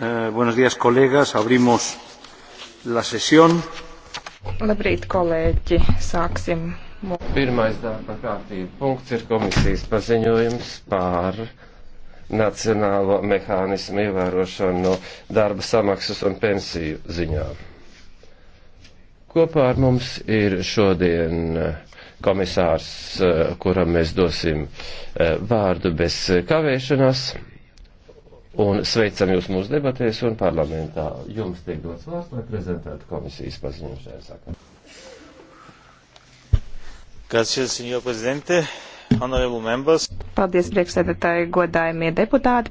Eh, buenos días, colegas. Abrimos la sesión. Labrīt, kolēģi. Sāksim. Pirmais darba kārtība punkts ir komisijas paziņojums pār nacionālo mehānismu ievērošanu no darba samaksas un pensiju ziņā. Kopā ar mums ir šodien eh, komisārs, eh, kuram mēs dosim eh, vārdu bez kavēšanās un sveicam jūs mūsu debatēs un parlamentā. Jums tiek dots vārds, lai prezentētu komisijas paziņojumu šajā sakarā. Gracias, senor presidente. Honorable members. Paldies, priekšsēdētāji, godājumie deputāti.